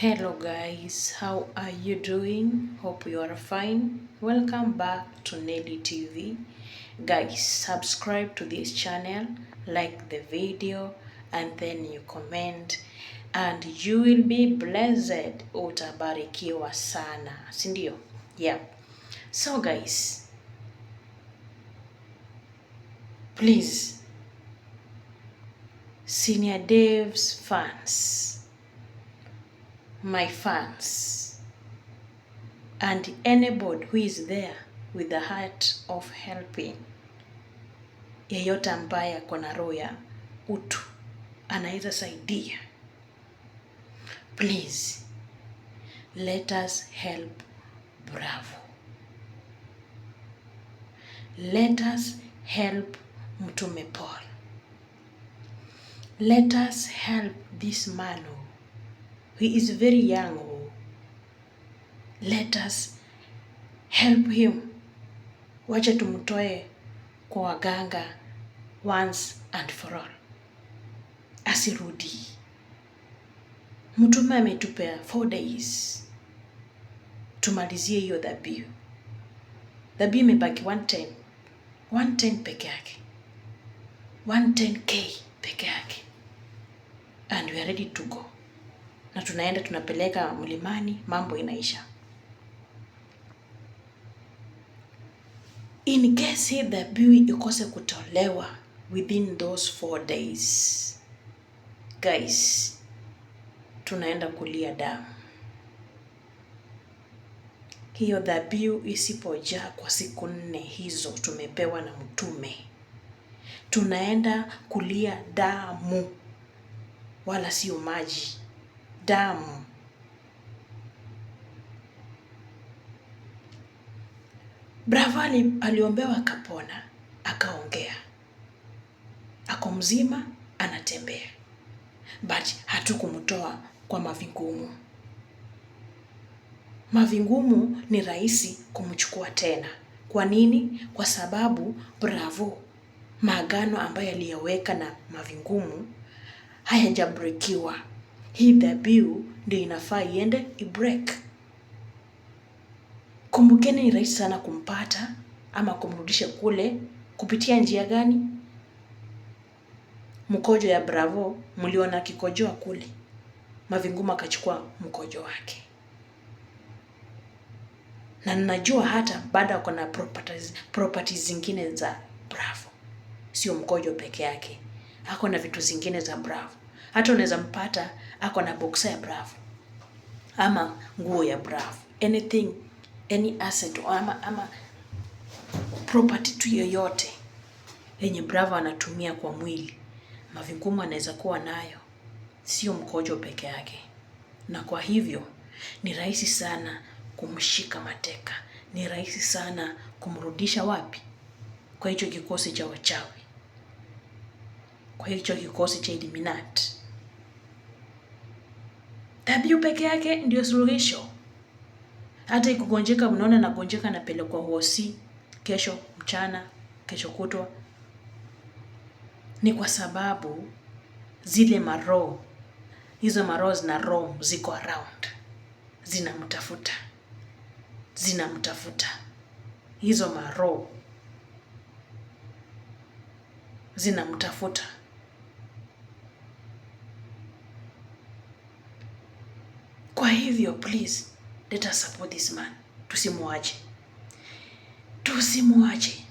hello guys how are you doing hope you are fine welcome back to Nelly TV guys subscribe to this channel like the video and then you comment and you will be blessed utabarikiwa sana si ndio yeah so guys please senior devs fans my fans and anybody who is there with the heart of helping. Yeyote ambaye ako na roho ya utu anaweza saidia. Please let us help Bravo, let us help Mtume Paul, let us help this man oh who is very young. Let us help him. Wacha tumtoe kwa waganga once and for all, asirudi. Mtume ametupea four days tumalizie hiyo mebaki Dhabihu imebaki 110 110 peke yake 110k peke yake, and we are ready to go na tunaenda tunapeleka mlimani, mambo inaisha. In case the ikose kutolewa within those four days, guys, tunaenda kulia damu. Hiyo dhabihu isipojaa kwa siku nne hizo tumepewa na mtume, tunaenda kulia damu, wala sio maji damu. Bravo aliombewa akapona, akaongea, ako mzima, anatembea, but hatukumtoa kwa mavingumu. Mavingumu ni rahisi kumchukua tena. Kwa nini? Kwa sababu Bravo maagano ambayo aliyoweka na mavingumu hayajabrekiwa hii dhabihu ndio inafaa iende ibreak. Kumbukeni, ni rahisi sana kumpata ama kumrudisha kule. Kupitia njia gani? Mkojo ya Bravo mliona akikojoa kule, Mavinguma akachukua mkojo wake, na ninajua hata bado kuna properties, properties zingine za Bravo, sio mkojo peke yake, ako na vitu zingine za Bravo. Hata unaweza mpata ako na boxer ya Bravo ama nguo ya Bravo, anything any asset ama, ama property tu yoyote yenye Bravo anatumia kwa mwili. Mavingumu anaweza kuwa nayo, sio mkojo peke yake, na kwa hivyo ni rahisi sana kumshika mateka, ni rahisi sana kumrudisha wapi? Kwa hicho kikosi cha wachawi, kwa hicho kikosi cha Illuminati. Dhabihu peke yake ndio suluhisho. Hata ikugonjeka, unaona nagonjeka, napelekwa hosi kesho mchana, kesho kutwa, ni kwa sababu zile maroho hizo, maroho zina roho, ziko around, zinamtafuta, zinamtafuta. Hizo maroho zinamtafuta. hivyo, please let us support this man, tusimwache, tusimwache.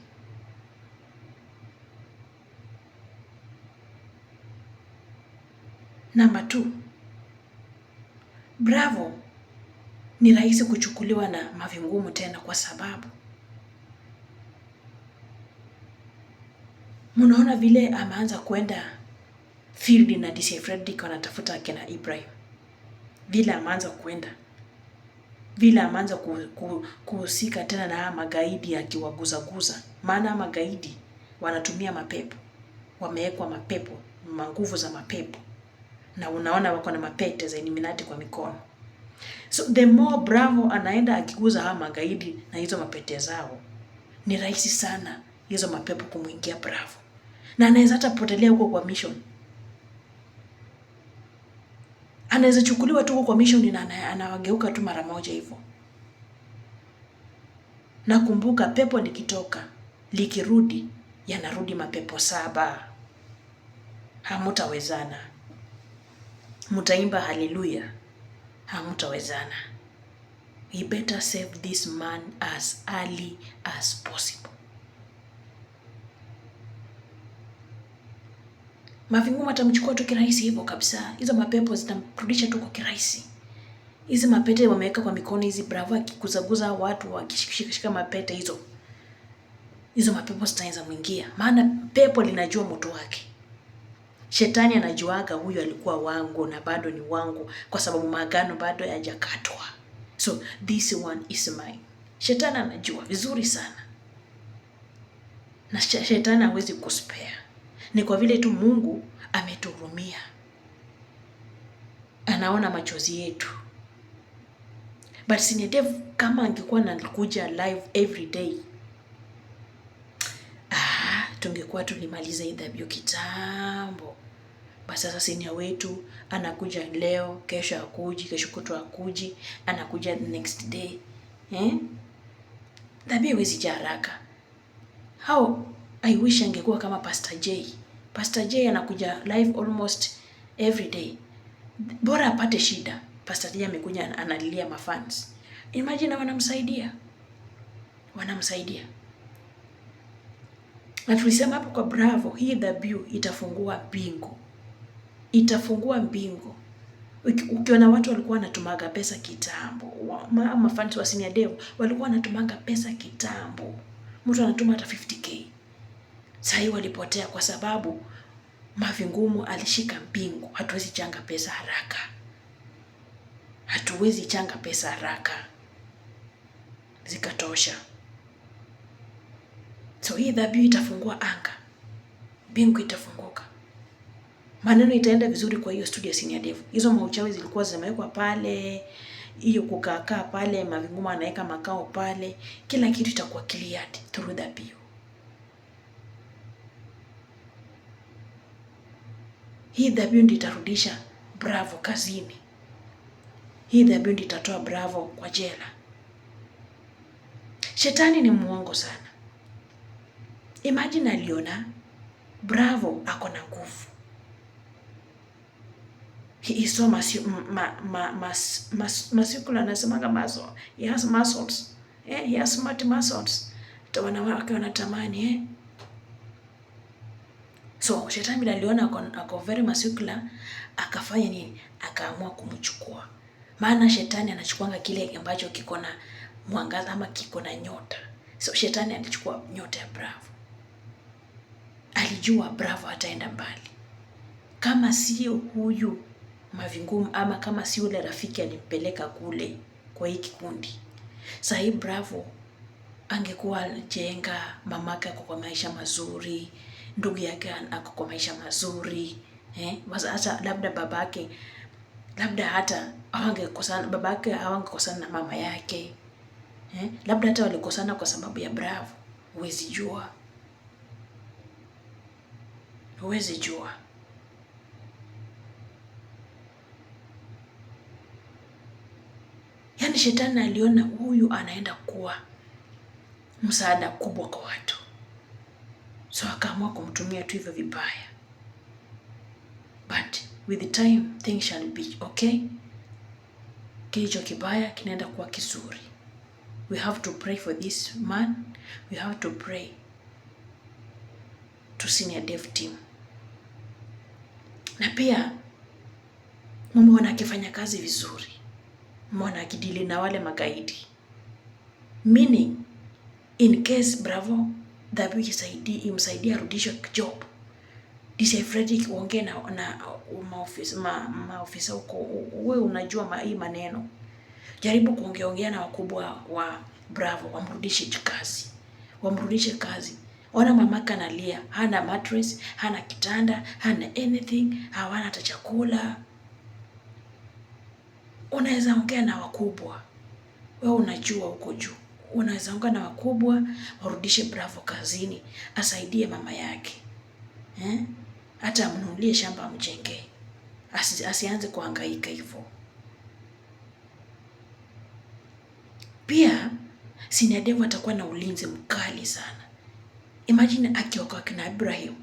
Namba 2, Bravo ni rahisi kuchukuliwa na mavingumu tena, kwa sababu mnaona vile ameanza kwenda field na DC Fredrick wanatafuta akina Ibrahim vile ameanza kwenda vile ameanza kuhusika tena na haya magaidi akiwaguzaguza, maana magaidi wanatumia mapepo, wamewekwa mapepo, manguvu za mapepo, na unaona wako na mapete za Illuminati kwa mikono. So the more Bravo anaenda akiguza haya magaidi na hizo mapete zao, ni rahisi sana hizo mapepo kumwingia Bravo, na anaweza hata potelea huko kwa mission anaweza chukuliwa tu kwa mission na anawageuka tu mara moja hivyo. nakumbuka pepo likitoka likirudi, yanarudi mapepo saba. Hamutawezana, mutaimba haleluya, hamutawezana. He better save this man as early as possible. Mavigumu atamchukua tu kirahisi hivyo kabisa. Hizo mapepo zitamrudisha tu kwa kirahisi. Hizi mapete wameweka kwa mikono hizi, Bravo akikuzaguza watu wakishikishika mapete hizo, hizo mapepo zitaanza mwingia, maana pepo linajua moto wake. Shetani anajuaga huyu alikuwa wangu na bado ni wangu, kwa sababu maagano bado hayajakatwa, so this one is mine. Shetani anajua vizuri sana, na shetani hawezi kuspare ni kwa vile tu Mungu ametuhurumia, anaona machozi yetu. But Sinidev kama angekuwa nalikuja live every day ah, tungekuwa tulimaliza hii kitambo. Basi sasa senia wetu anakuja leo, kesho akuji, kesho kutu akuji, anakuja the next day eh? Dhabihu haiwezi haraka. How I wish angekuwa kama Pastor Jay. Pastor J anakuja live almost every day, bora apate shida. Pastor J amekuja analilia mafans, imagine wanamsaidia, wanamsaidia. Na tulisema hapo kwa Bravo, hii dhabihu itafungua mbingu, itafungua mbingu. Ukiona watu walikuwa wanatumaga pesa kitambo, mafans wa Senior Dev walikuwa wanatumaga pesa kitambo, mtu anatuma hata 50k sahii walipotea kwa sababu mavingumu Ngumu alishika mbingu. Hatuwezi changa pesa haraka, hatuwezi changa pesa haraka, zikatosha. So hii dhabihu itafungua anga, mbingu itafunguka, maneno itaenda vizuri. Kwa hiyo studio Senior Dev, hizo mauchawi zilikuwa zimewekwa pale, hiyo kukaakaa pale, mavingumu anaweka makao pale, kila kitu itakuwa cleared through dhabihu. Hii dhabihu ndio itarudisha Bravo kazini. Hii dhabihu ndio itatoa Bravo kwa jela. Shetani ni mwongo sana. Imagine aliona Bravo ako na nguvu. He is so muscular, anasemaga muscle. He has muscles. Eh, he has smart muscles. Wanawake wanatamani eh? So shetani bila aliona ako, ako very masukula, akafanya nini? Akaamua kumchukua. Maana shetani anachukuanga kile ambacho kiko na mwangaza ama kiko na nyota. So shetani alichukua nyota ya Bravo. Alijua Bravo ataenda mbali kama sio huyu Mavingumu ama kama si yule rafiki alimpeleka kule kwa hii kikundi. Sasa hii Bravo angekuwa jenga mamaka kwa maisha mazuri ndugu yake ako kwa maisha mazuri eh? Hata labda babake labda hata hawangekosana, babake awangekosana na mama yake eh? Labda hata walikosana kwa sababu ya Bravo, huwezi jua, huwezi jua. Yaani shetani aliona huyu anaenda kuwa msaada kubwa kwa watu so akaamua kumtumia tu hivyo vibaya, but with the time things shall be okay. Kilicho kibaya kinaenda kuwa kizuri. We have to pray for this man, we have to pray to senior dev team, na pia mmeona akifanya kazi vizuri, mmeona akidili na wale magaidi, meaning in case Bravo dhabihu isaidie imsaidie arudishwe job. DJ Fredrick uongee na, na maofisa ma, maofisa huko, wewe unajua ma, hii maneno. Jaribu kuongeongea na wakubwa wa Bravo wamrudishe kazi, wamrudishe kazi. Ona mamaka kanalia, hana mattress, hana kitanda, hana anything, hawana hata chakula. Unaweza ongea na wakubwa, wewe unajua huko juu unaweza unga na wakubwa warudishe Bravo kazini, asaidie mama yake eh? Hata amnunulie shamba amjengee, asi, asianze kuhangaika hivyo. Pia Devu atakuwa na ulinzi mkali sana. Imagine akiokoa kina Ibrahim,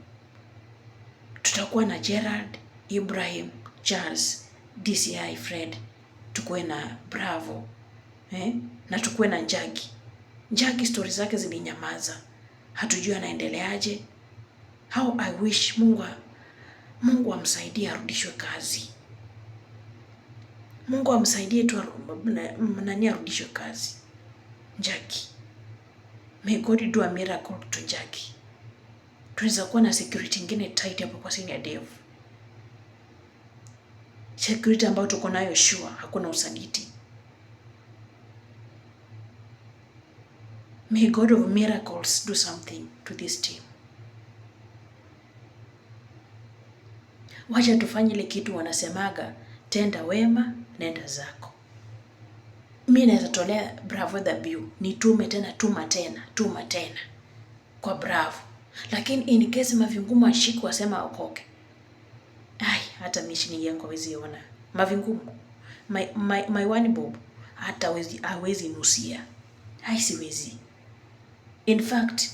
tutakuwa na Gerard Ibrahim, Charles, DCI Fred, tukuwe na Bravo eh? na tukuwe na Njagi. Jackie stori zake zilinyamaza, hatujui anaendeleaje. How I wish Mungu, Mungu amsaidie arudishwe kazi. Mungu amsaidie tu nani arudishwe kazi. Jackie, may God do a miracle to Jackie. Tunaweza kuwa na security nyingine tight hapo kwa senior dev security ambayo tuko nayo sure hakuna usaliti. May God of miracles do something to this team. Wacha tufanye ile kitu wanasemaga, tenda wema nenda zako. Mi naweza tolea Bravo dhabihu, nitume tena, tuma tena, tuma tena kwa Bravo, lakini in case Mavingumu ashiku wasema okoke, ai, hata mishini yangu hawezi ona Mavingumu my, my, my one bob hata hawezi nusia, ai, siwezi In fact,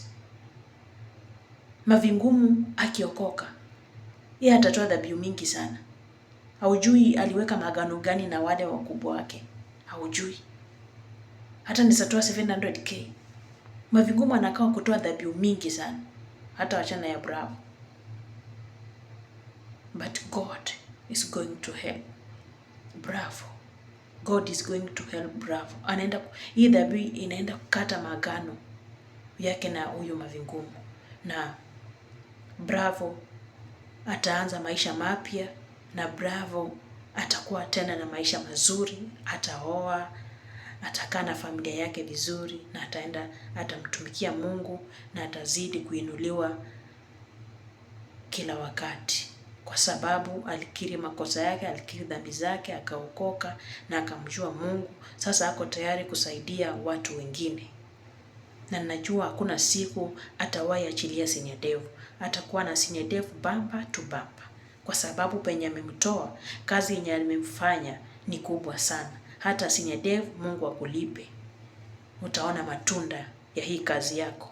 Mavingumu akiokoka, yeye atatoa dhabihu mingi sana. Haujui aliweka magano gani na wale wakubwa wake, haujui hata nisatoa 700k. Mavingumu anakaa kutoa dhabihu mingi sana, hata wachana ya Bravo. But God is going to help. Bravo. God is going to help. Bravo. Anaenda hii dhabihu inaenda kukata maagano yake na huyu Mavingumu, na Bravo ataanza maisha mapya, na Bravo atakuwa tena na maisha mazuri, ataoa, atakaa na familia yake vizuri, na ataenda atamtumikia Mungu na atazidi kuinuliwa kila wakati, kwa sababu alikiri makosa yake, alikiri dhambi zake, akaokoka na akamjua Mungu. Sasa ako tayari kusaidia watu wengine na ninajua hakuna siku atawahi achilia Senior Dev. Atakuwa na Senior Dev bamba tu bamba, kwa sababu penye amemtoa, kazi yenye amemfanya ni kubwa sana. Hata Senior Dev, Mungu akulipe, utaona matunda ya hii kazi yako.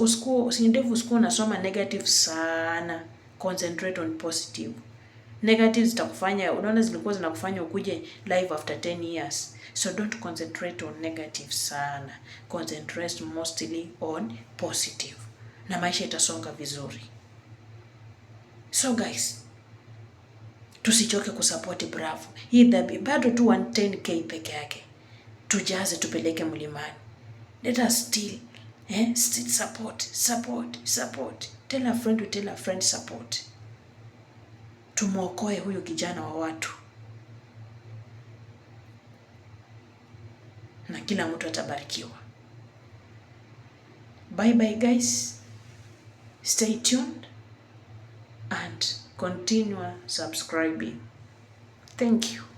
Usikuwa unasoma negative sana, concentrate on positive negative zitakufanya, unaona zilikuwa zinakufanya ukuje live after 10 years. So don't concentrate on negative sana, concentrate mostly on positive, na maisha itasonga vizuri. So guys, tusichoke kusupport Bravo. Hii dhabi bado tu 110k peke yake, tujaze tupeleke mlimani. Let us still eh, still support support support, tell a friend to tell a friend support tumwokoe huyu kijana wa watu, na kila mtu atabarikiwa. Bye bye guys, stay tuned and continue subscribing. Thank you.